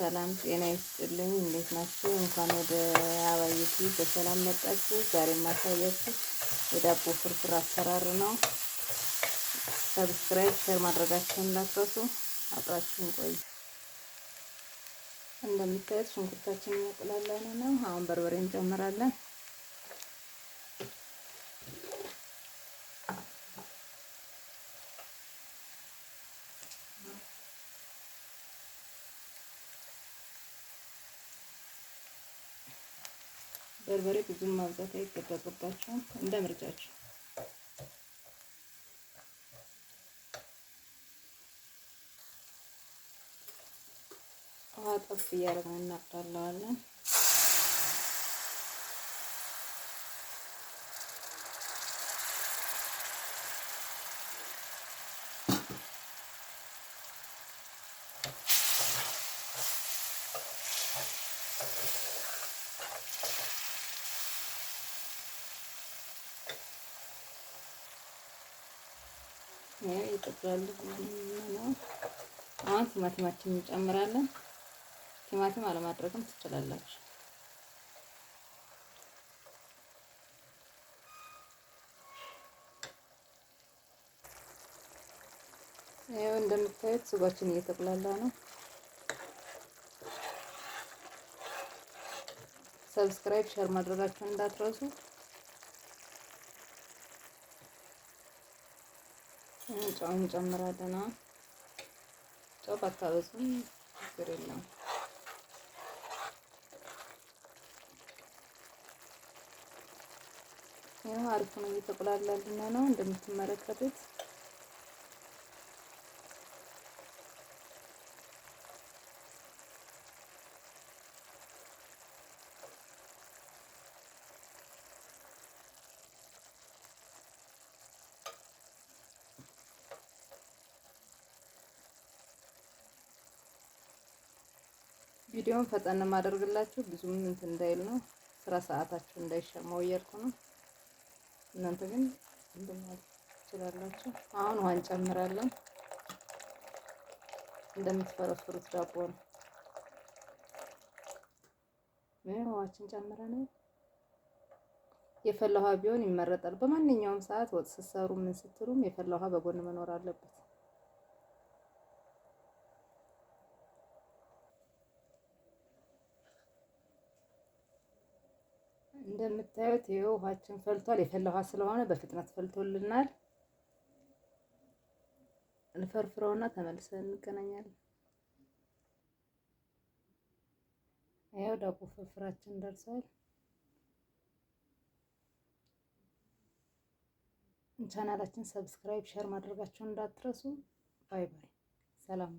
ሰላም ጤና ይስጥልኝ። እንዴት ናችሁ? እንኳን ወደ አባይቲ በሰላም መጣችሁ። ዛሬ ማሳያችሁ የዳቦ ፍርፍር አሰራር ነው። ሰብስክራይብ፣ ሼር ማድረጋችሁን እንዳትረሱ። አብራችሁን ቆዩ። እንደምታዩት ሽንኩርታችን ያቁላላን ነው። አሁን በርበሬ እንጨምራለን። በርበሬ ብዙም ማብዛት አይጠበቅባቸውም እንደ ምርጫቸው ውሃ ጠብ እያደረግን እናቅላለን። ይጠቅላል ነው። አሁን ቲማቲማችን እንጨምራለን። ቲማቲም አለማድረግም ትችላላችሁ። ይኸው እንደምታዩት ስጓችን እየተቁላላ ነው። ሰብስክራይብ ሸር ማድረጋችሁን እንዳትረሱ። ጨው እንጨምራለን። ጨው ባታበዙም ችግር የለም ይህ አሪፍ ነው፣ እየተቆላላልን ነው እንደምትመለከቱት ቪዲዮን ፈጠን ማደርግላችሁ ብዙም እንትን እንዳይል ነው፣ ስራ ሰዓታችሁ እንዳይሻማው እያልኩ ነው። እናንተ ግን እንደማለት ትችላላችሁ። አሁን ውሃ እንጨምራለን። እንደምትፈረፍሩት ዳቦ ነው። ውሃችን ጨምረናል። የፈላ ውሃ ቢሆን ይመረጣል። በማንኛውም ሰዓት ወጥ ስትሰሩ ምን ስትሉም የፈላ ውሃ በጎን መኖር አለበት። እንደምታዩት ይኸው ውሃችን ፈልቷል። የፈላ ውሃ ስለሆነ በፍጥነት ፈልቶልናል። እንፈርፍረውና ተመልሰን እንገናኛለን። ይኸው ዳቦ ፍርፍራችን ደርሷል። ቻናላችን ሰብስክራይብ፣ ሸር ማድረጋችሁን እንዳትረሱ። ባይ ባይ። ሰላም